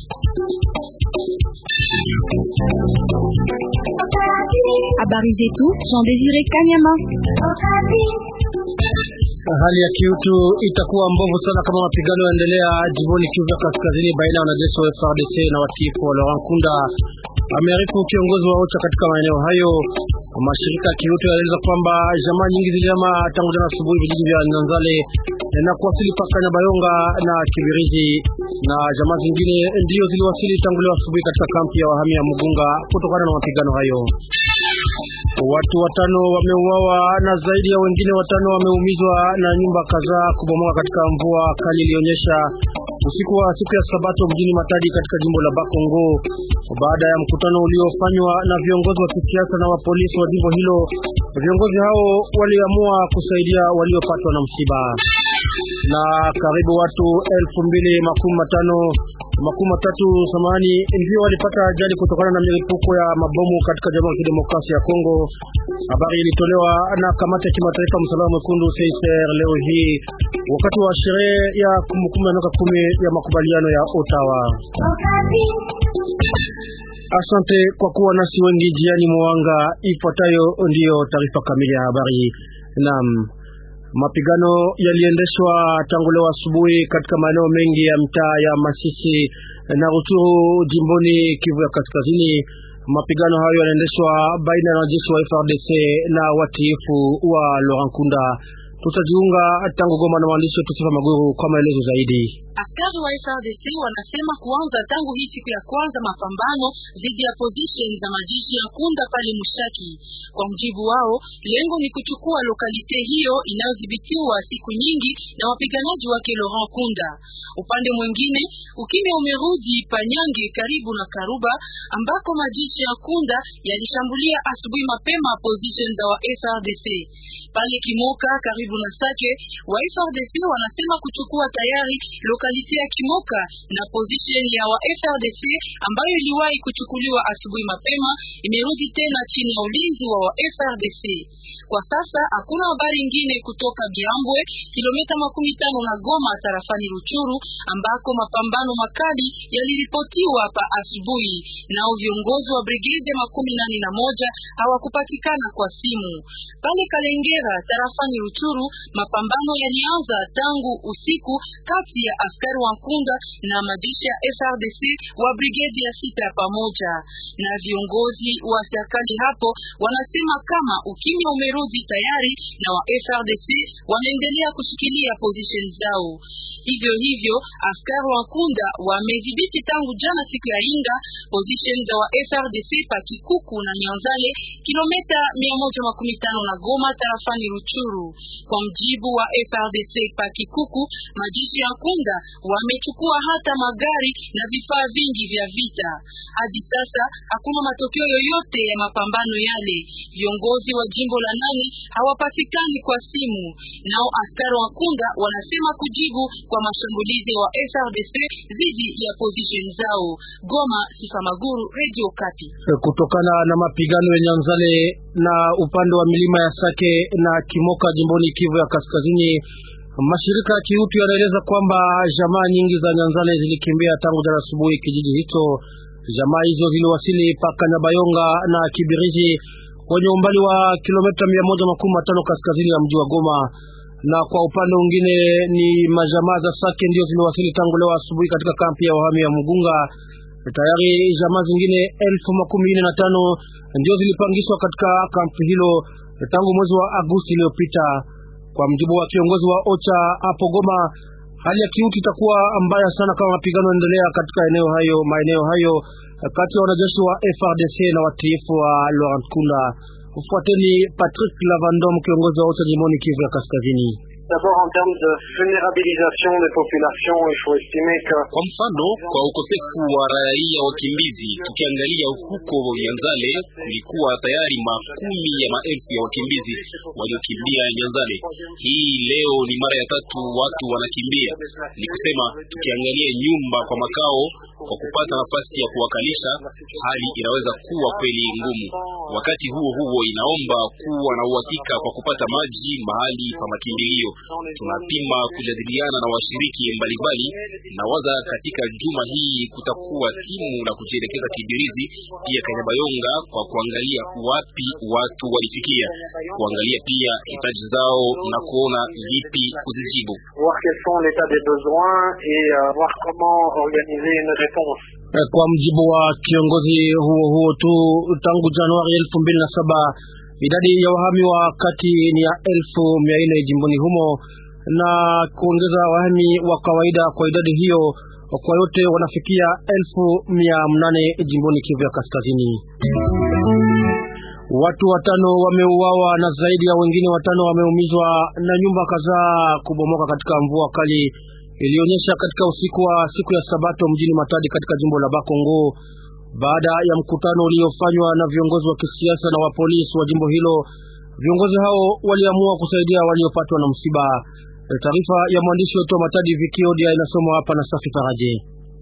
Habari zetu Jean Desire Kanyama. Hali ya kiutu itakuwa mbovu sana kama mapigano yaendelea jimboni Kivu Kaskazini baina ya wanajeshi wa FARDC na watiifu wa Laurent kunda Ameriku kiongozi wa OCHA katika maeneo hayo. Mashirika ya kiutu yaeleza kwamba jamaa nyingi zilihama tangu jana asubuhi vijiji vya Nyanzale Eh, na kuwasili na Bayonga na Kibirizi na jamaa zingine eh, ndiyo ziliwasili tangu leo asubuhi katika kampi ya wahami ya Mugunga kutokana na mapigano hayo. Watu watano wameuawa na zaidi ya wengine watano wameumizwa na nyumba kadhaa kubomoka katika mvua kali ilionyesha usiku wa siku ya Sabato mjini Matadi katika jimbo la Bakongo baada ya mkutano uliofanywa na viongozi wa kisiasa na wa polisi wa jimbo hilo. Viongozi hao waliamua kusaidia waliopatwa na msiba na karibu watu elfu mbili makumi matano makumi matatu samani ndio walipata ajali kutokana na milipuko ya mabomu katika Jamhuri ya Kidemokrasia ya Kongo. Habari ilitolewa na kamati ya kimataifa msalaba mwekundu CICR leo hii wakati wa sherehe ya kumbukumbu ya miaka kumi ya makubaliano ya Ottawa. Asante kwa kuwa nasi wengi jiani mwanga. Ifuatayo ndiyo taarifa kamili ya habari. Naam. Mapigano yaliendeshwa tangu leo asubuhi katika maeneo mengi ya mtaa ya Masisi na Rutshuru jimboni Kivu ya Kaskazini. Mapigano hayo yanaendeshwa baina ya wanajeshi wa frdc na watiifu wa Laurent Nkunda. Tutajiunga tangu Goma na mwandishi wetu Sifa Maguru kwa maelezo zaidi. Askari wa FRDC wanasema kuanza tangu hii siku ya kwanza mapambano dhidi ya position za majeshi ya kunda pale Mushaki. Kwa mjibu wao, lengo ni kuchukua lokalite hiyo inayodhibitiwa siku nyingi na wapiganaji wake Laurent kunda Upande mwingine, ukimya umerudi Panyange karibu na Karuba ambako majeshi ya kunda yalishambulia asubuhi mapema position za wa FRDC. Pale Kimoka karibu na Sake, wa FRDC wanasema kuchukua tayari lokalite Alicia Kimoka na position ya wa FRDC ambayo iliwahi kuchukuliwa asubuhi mapema imerudi tena chini ya ulinzi wa wa FRDC. Kwa sasa hakuna habari ingine kutoka Biambwe, kilomita makumi tano na Goma tarafani Ruchuru, ambako mapambano makali yaliripotiwa pa asubuhi. Nao viongozi wa brigade makumi nane na moja hawakupatikana kwa simu. Pale Kalengera tarafani Ruchuru, mapambano yalianza tangu usiku kati ya askari wa Nkunda na majeshi ya FRDC wa brigedi ya sita ya pamoja. Na viongozi wa serikali hapo wanasema kama ukimya umerudi tayari, na wa FRDC wanaendelea kushikilia position zao. Hivyo hivyo askari wa Nkunda wamedhibiti tangu jana siku ya Inga position za wa FRDC pa Kikuku na Nyanzale kilomita 115 la Goma tarafani Ruchuru. Kwa mjibu wa FRDC Pakikuku, majeshi ya kunda wamechukua hata magari na vifaa vingi vya vita. Hadi sasa hakuna matokeo yoyote ya mapambano yale. Viongozi wa jimbo la nane hawapatikani kwa simu, nao askari wa Kunda wanasema kujibu kwa mashambulizi wa FRDC dhidi ya position zao. Goma, Sifa Maguru, Radio Kati. Kutokana na mapigano ya Nyanzale na upande wa milima ya Sake na Kimoka jimboni Kivu ya Kaskazini. Mashirika ya kiutu yanaeleza kwamba jamaa nyingi za Nyanzale zilikimbia tangu jana asubuhi kijiji hicho. Jamaa hizo ziliwasili paka Nyabayonga na Kibiriji kwenye umbali wa kilomita mia moja makumi matano kaskazini ya mji wa Goma, na kwa upande mwingine ni majamaa za Sake ndio ziliwasili tangu leo asubuhi katika kampi ya wahami ya Mugunga. Tayari jamaa zingine elfu makumi nne na tano ndio zilipangishwa katika kampi hilo tangu mwezi wa Agosti iliyopita. Kwa mjibu wa kiongozi wa OCHA hapo Goma, hali ya kiuti itakuwa mbaya sana kama mapigano yanaendelea katika eneo hayo maeneo hayo kati ya wanajeshi wa FRDC na watiifu wa Laurent Kunda. Ufuateni Patrick Lavandom, kiongozi wa OCHA jimboni Kivu ya Kaskazini. D'abord en termes de vulnerabilisation des populations, il faut estimer que kwa mfano kwa ukosefu wa raia wakimbizi, tukiangalia huko Nyanzale kulikuwa tayari makumi ya maelfu ya wakimbizi waliokimbia Nyanzale. Hii leo ni mara ya tatu watu wanakimbia, ni kusema tukiangalia nyumba kwa makao, kwa kupata nafasi ya kuwakalisha, hali inaweza kuwa kweli ngumu. Wakati huo huo, inaomba kuwa na uhakika kwa kupata maji mahali pa makimbilio tunapima kujadiliana na washiriki mbalimbali na waza katika juma hii kutakuwa timu la kujielekeza Kibirizi pia Kanyabayonga kwa kuangalia wapi watu walifikia, kuangalia pia hitaji zao na kuona vipi kuzijibu. Euh, eh, kwa mjibu wa kiongozi huo huo tu, tangu Januari elfu mbili na saba Idadi ya wahami wa kati ni ya elfu mia nne jimboni humo na kuongeza wahami wa kawaida kwa idadi hiyo kwa yote wanafikia elfu mia mnane jimboni Kivu ya Kaskazini. Watu watano wameuawa na zaidi ya wengine watano wameumizwa na nyumba kadhaa kubomoka katika mvua kali ilionyesha katika usiku wa siku ya Sabato mjini Matadi katika jimbo la Bakongo baada ya mkutano uliofanywa na viongozi wa kisiasa na wa polisi wa jimbo hilo. Viongozi hao waliamua kusaidia waliopatwa na msiba. Taarifa ya mwandishi wetu wa Matadi Vikiodia inasomwa hapa na Safi Faraje.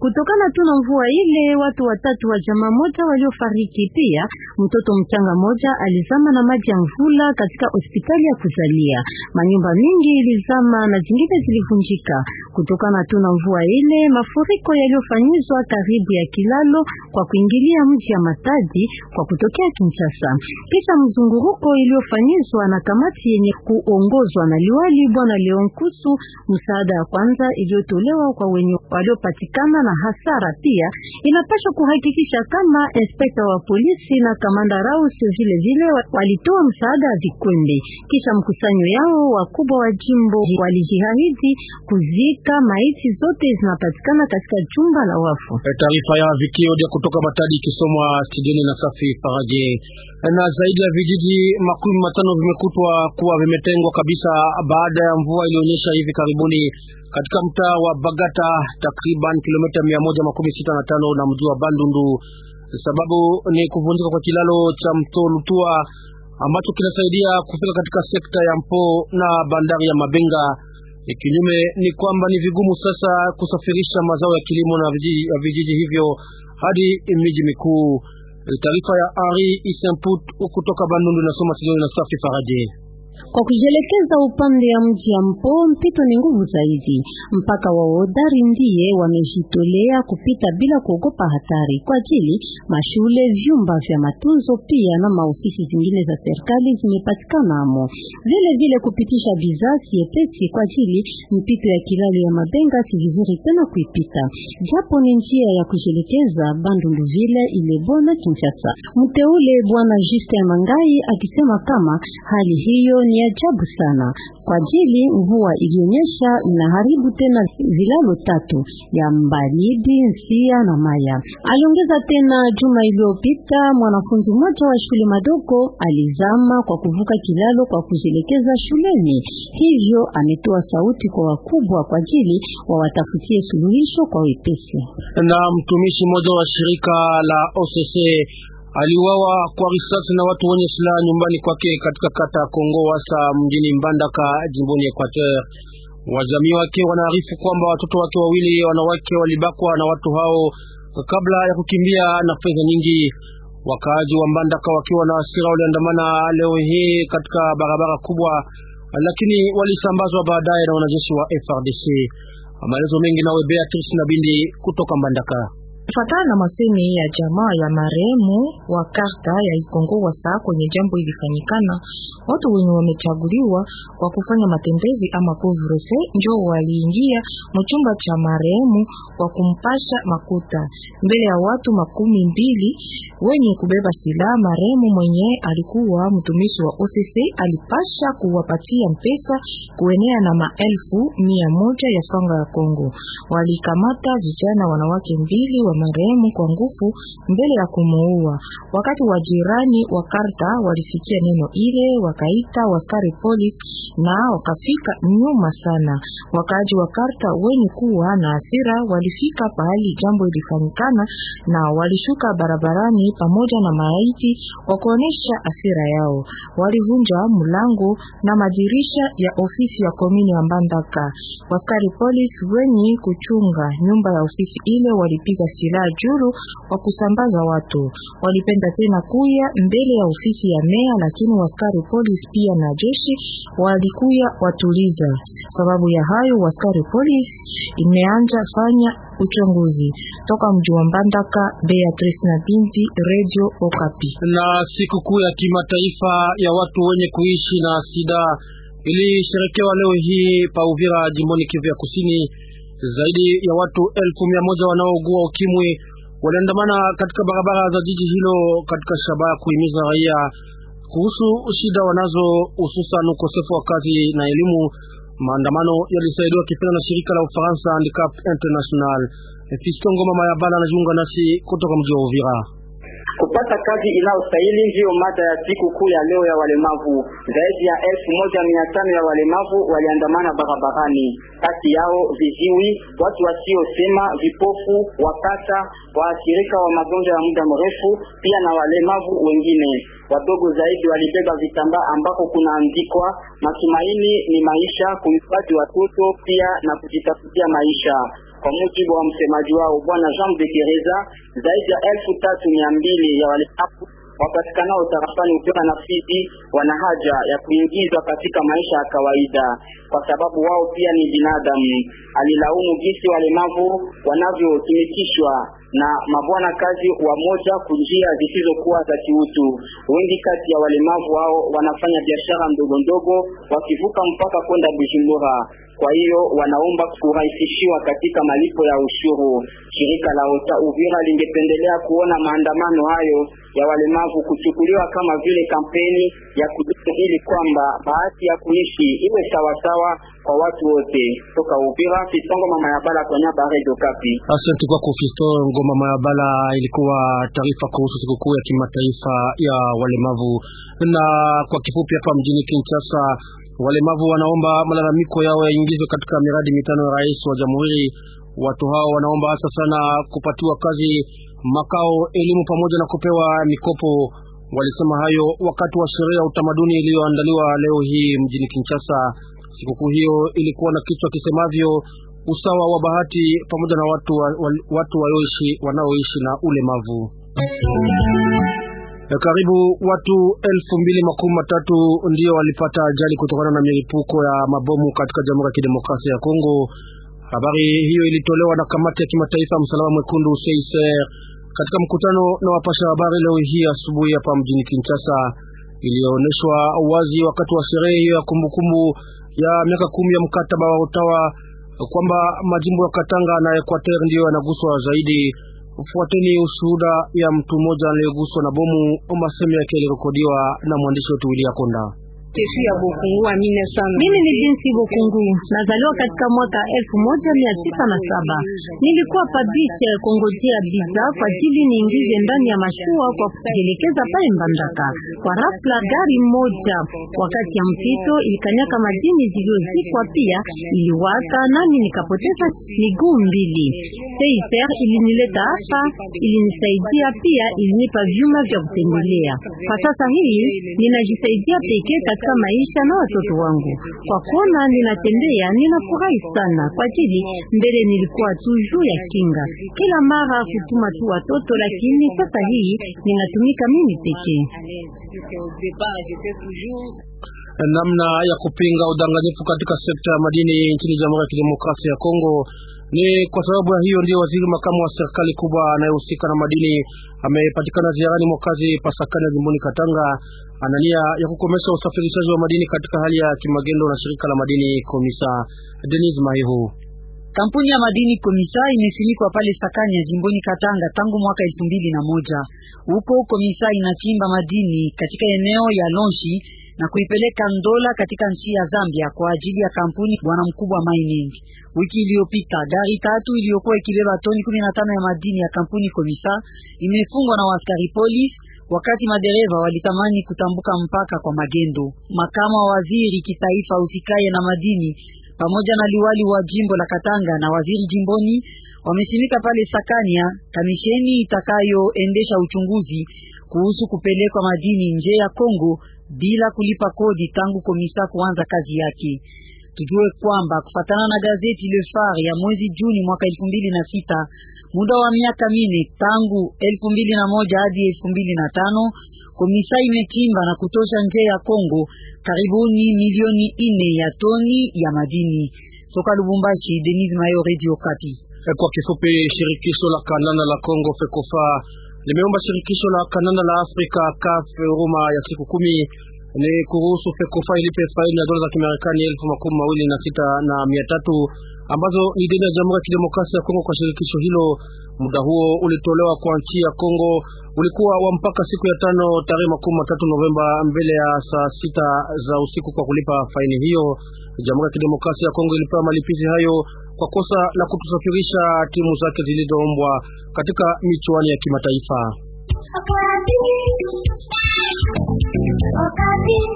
Kutokana tu na mvua ile, watu watatu wa jamaa moja waliofariki. Pia mtoto mchanga moja alizama na maji ya mvula katika hospitali ya kuzalia. Manyumba mingi ilizama na zingine zilivunjika kutokana tu na mvua ile. Mafuriko yaliyofanyizwa karibu ya kilalo kwa kuingilia mji ya Matadi kwa kutokea Kinshasa, kisha mzunguruko iliyofanyizwa na kamati yenye kuongozwa na liwali Bwana Leon Kusu, msaada ya kwanza iliyotolewa kwa wenye waliopatikana na hasara pia, inapaswa kuhakikisha kama inspekta wa polisi na kamanda Rausi vile vile walitoa msaada wa vikundi. Kisha mkusanyo yao, wakubwa wa jimbo walijihahidi kuzika maiti zote zinapatikana katika chumba la wafu. E, taarifa ya vikioja kutoka Matadi ikisomwa studioni na Safi Faraje. E, na zaidi ya vijiji makumi matano vimekutwa kuwa vimetengwa kabisa baada ya mvua ilionyesha hivi karibuni katika mtaa wa Bagata, takriban kilomita 165 na mji wa Bandundu. Sababu ni kuvunjika kwa kilalo cha mto Lutua ambacho kinasaidia kufika katika sekta ya Mpo na bandari ya Mabenga. Kinyume ni kwamba ni vigumu sasa kusafirisha mazao ya kilimo na vijiji, ya vijiji hivyo hadi miji mikuu. Taarifa ya Ari Isemput kutoka Bandundu inasoma Sidoni na Safi Faraje. Kwa kujelekeza upande ya mji ya Mpo, mpito ni nguvu zaidi. Mpaka wa Odari ndiye wamejitolea kupita bila kuogopa hatari kwa ajili mashule, vyumba vya matunzo pia na maofisi zingine za serikali zimepatikana amo. Vile vile kupitisha bidhaa siepesi kwa ajili mpito ya kilali ya Mabenga si vizuri tena kuipita, japo ni njia ya kujelekeza Bandundu vile ile bona Kinshasa. Mteule bwana Justin Mangai akisema kama hali hiyo ni ajabu sana kwa ajili mvua ilionyesha haribu tena vilalo tatu ya Mbaridi, Nsia na Maya. Aliongeza tena juma iliyopita mwanafunzi mmoja wa shule madogo alizama kwa kuvuka kilalo kwa kujielekeza shuleni, hivyo ametoa sauti kwa wakubwa kwa ajili wawatafutie suluhisho kwa wepesi. Na mtumishi mmoja wa shirika la OCC aliuawa kwa risasi na watu wenye silaha nyumbani kwake katika kata ya Kongo hasa mjini Mbandaka jimboni Equateur. Wajamii wake wanaarifu kwamba watoto wake wawili wanawake walibakwa na watu hao kabla ya kukimbia na fedha nyingi. Wakaaji wa Mbandaka wakiwa na hasira waliandamana leo hii katika barabara kubwa, lakini walisambazwa baadaye na wanajeshi wa FRDC. Maelezo mengi nawe Beatrice bindi kutoka Mbandaka. Kufatana na masemi ya jamaa ya marehemu wa karta ya Ikongo wa saa kwenye jambo ilifanyikana, watu wenye wamechaguliwa kwa kufanya matembezi ama couvre njo waliingia mchumba cha marehemu kwa kumpasha makuta mbele ya watu makumi mbili wenye kubeba silaha. Marehemu mwenye alikuwa mtumishi wa OCC alipasha kuwapatia mpesa kuenea na maelfu mia moja ya franga ya Kongo. Walikamata vijana wanawake mbili wa marehemu kwa nguvu mbele ya kumuua. Wakati wa jirani wa Karta walisikia neno ile, wakaita waskari polisi na wakafika nyuma sana. Wakaaji wa Karta wenye kuwa na hasira walifika pahali jambo ilifanyikana na walishuka barabarani pamoja na maiti kwa asira hasira yao. Walivunja mlango na madirisha ya ofisi ya komini ya Mbandaka. Waskari polisi wenye kuchunga nyumba ya ofisi ile walipiga Abdillah Juru wa kusambaza watu. Walipenda tena kuya mbele ya ofisi ya meya, lakini waskari polisi pia na jeshi walikuya watuliza. Sababu ya hayo, waskari polisi imeanza fanya uchunguzi toka mji wa Mbandaka. Beatrice na Binti, Radio Okapi. Na sikukuu ya kimataifa ya watu wenye kuishi na sida ilisherekewa leo hii pa Uvira, jimboni Kivu ya Kusini. Zaidi ya watu elfu mia moja wanaougua ukimwi waliandamana katika barabara za jiji hilo katika shabaha kuhimiza raia kuhusu shida wanazo, hususan ukosefu wa kazi na elimu. Maandamano yalisaidiwa kifedha na shirika la Ufaransa Handicap International. mama Ngoma Mayabala anajiunga nasi kutoka mji wa Uvira. Kupata kazi inayostahili ndiyo mada ya siku kuu ya leo ya walemavu. Zaidi ya elfu moja mia tano ya walemavu waliandamana barabarani, kati yao viziwi, watu wasiosema, vipofu, wakata, waathirika wa magonjwa ya muda mrefu, pia na walemavu wengine wadogo zaidi walibeba vitambaa ambapo kunaandikwa matumaini ni maisha, kuhifadhi watoto pia na kujitafutia maisha. Kwa mujibu wa msemaji wao bwana Jean de Kereza, zaidi ya elfu tatu mia mbili ya walemavu wapatikanao tarafani Uvira na Fizi wana haja ya kuingizwa katika maisha ya kawaida, kwa sababu wao pia ni binadamu. Alilaumu jinsi walemavu wanavyotumikishwa na mabwana kazi wa moja kunjia zisizokuwa za kiutu. Wengi kati ya walemavu hao wanafanya biashara ndogo ndogo wakivuka mpaka kwenda Bujumbura. Kwa hiyo wanaomba kurahisishiwa katika malipo ya ushuru. Shirika la OTA Uvira lingependelea kuona maandamano hayo ya walemavu kuchukuliwa kama vile kampeni ya kudumu, ili kwamba bahati ya kuishi iwe sawasawa kwa watu wote toka Uvira Fistongo mama ya bala kwa niaba ya Kapi. Asante kwako Fistongo mama ya bala. Ilikuwa taarifa kuhusu sikukuu ya kimataifa ya walemavu. Na kwa kifupi, hapa mjini Kinshasa walemavu wanaomba malalamiko yao yaingizwe katika miradi mitano ya rais wa jamhuri. Watu hao wanaomba hasa sana kupatiwa kazi, makao, elimu pamoja na kupewa mikopo. Walisema hayo wakati wa sherehe ya utamaduni iliyoandaliwa leo hii mjini Kinshasa. Sikukuu hiyo ilikuwa na kichwa kisemavyo usawa wa bahati pamoja na watu wa, watu wayoishi wanaoishi na ulemavu. Karibu watu elfu mbili makumi matatu ndio walipata ajali kutokana na milipuko ya mabomu katika Jamhuri ya Kidemokrasia ya Kongo. Habari hiyo ilitolewa na kamati ya kimataifa ya msalaba mwekundu CICR katika mkutano na wapasha habari leo hii asubuhi hapa mjini Kinshasa, iliyoonyeshwa wazi wakati wa sherehe hiyo ya kumbukumbu ya miaka kumi ya mkataba wa utawa kwamba majimbo ya Katanga na Equateur ndiyo yanaguswa zaidi. Fuateni ushuhuda ya mtu mmoja aliyeguswa na bomu, masemi yake yalirekodiwa na mwandishi wetu Willy Konda. Mimi ni jinsi bokungu nazaliwa katika mwaka elfu moja mia tisa na saba. Nilikuwa pabiche kongojea biza kwa ajili niingize ndani ya mashua kwa kujielekeza pale Mbandaka. Kwa rafla gari moja wakati ya mpito ilikanyaka majini ziliyozikwa, pia iliwaka, nami nikapoteza miguu mbili. Seifer ilinileta hapa, ilinisaidia pia ilinipa vyuma vya kutembelea. Kwa sasa hii ninajisaidia pekee katika maisha na watoto wangu. Kwa kuona ninatembea, ninafurahi sana, kwa ajili mbele nilikuwa tu juu ya kinga, kila mara kutuma tu watoto, lakini sasa hii ninatumika mimi pekee namna ya kupinga udanganyifu katika sekta ya madini nchini Jamhuri ya Kidemokrasia ya Kongo ni kwa sababu ya hiyo ndio waziri makamu wa serikali kubwa anayehusika na madini amepatikana ziarani mwakazi pasakani ya jimboni Katanga, anania ya kukomesha usafirishaji wa madini katika hali ya kimagendo na shirika la madini Komisa. Denis Mahihu Kampuni ya madini Komisa imesimikwa pale Sakani ya jimboni Katanga tangu mwaka elfu mbili na moja. Huko Komisa inachimba madini katika eneo ya Lonshi na kuipeleka Ndola katika nchi ya Zambia kwa ajili ya kampuni bwana mkubwa mining. Wiki iliyopita gari tatu iliyokuwa ikibeba toni 15 ya madini ya kampuni Komisa imefungwa na askari polisi wakati madereva walitamani kutambuka mpaka kwa magendo. Makama wa waziri kitaifa usikaye na madini pamoja na liwali wa jimbo la Katanga na waziri jimboni wamesimika pale Sakania kamisheni itakayoendesha uchunguzi kuhusu kupelekwa madini nje ya Kongo bila kulipa kodi tangu komisa kuanza kazi yake. Tujue kwamba kufatana na gazeti Le Phare ya mwezi Juni mwaka elfu mbili na sita muda wa miaka mine tangu moja hadi elfu mbili na tano komisa imechimba na kutosha nje ya Kongo karibuni milioni ine ya toni ya madini. Toka Lubumbashi, Denis Mayo, Radio Okapi. E, kwa kifupi, shirikisho la kandanda la Kongo FECOFA limeomba shirikisho la kandanda la Afrika CAF huruma ya siku kumi ni kuruhusu FECOFA ilipe faini ya dola za Kimarekani elfu makumi mawili na sita na mia tatu ambazo ni deni ya Jamhuri ya Kidemokrasia ya Kongo kwa shirikisho hilo. Muda huo ulitolewa kwa nchi ya Kongo ulikuwa wa mpaka siku ya tano tarehe makumi matatu Novemba mbele ya saa sita za usiku kwa kulipa faini hiyo. Jamhuri ya Kidemokrasia ya Kongo ilipewa malipizi hayo kwa kosa la kutusafirisha timu zake zilizoombwa katika michuano ya kimataifa. Ocarín,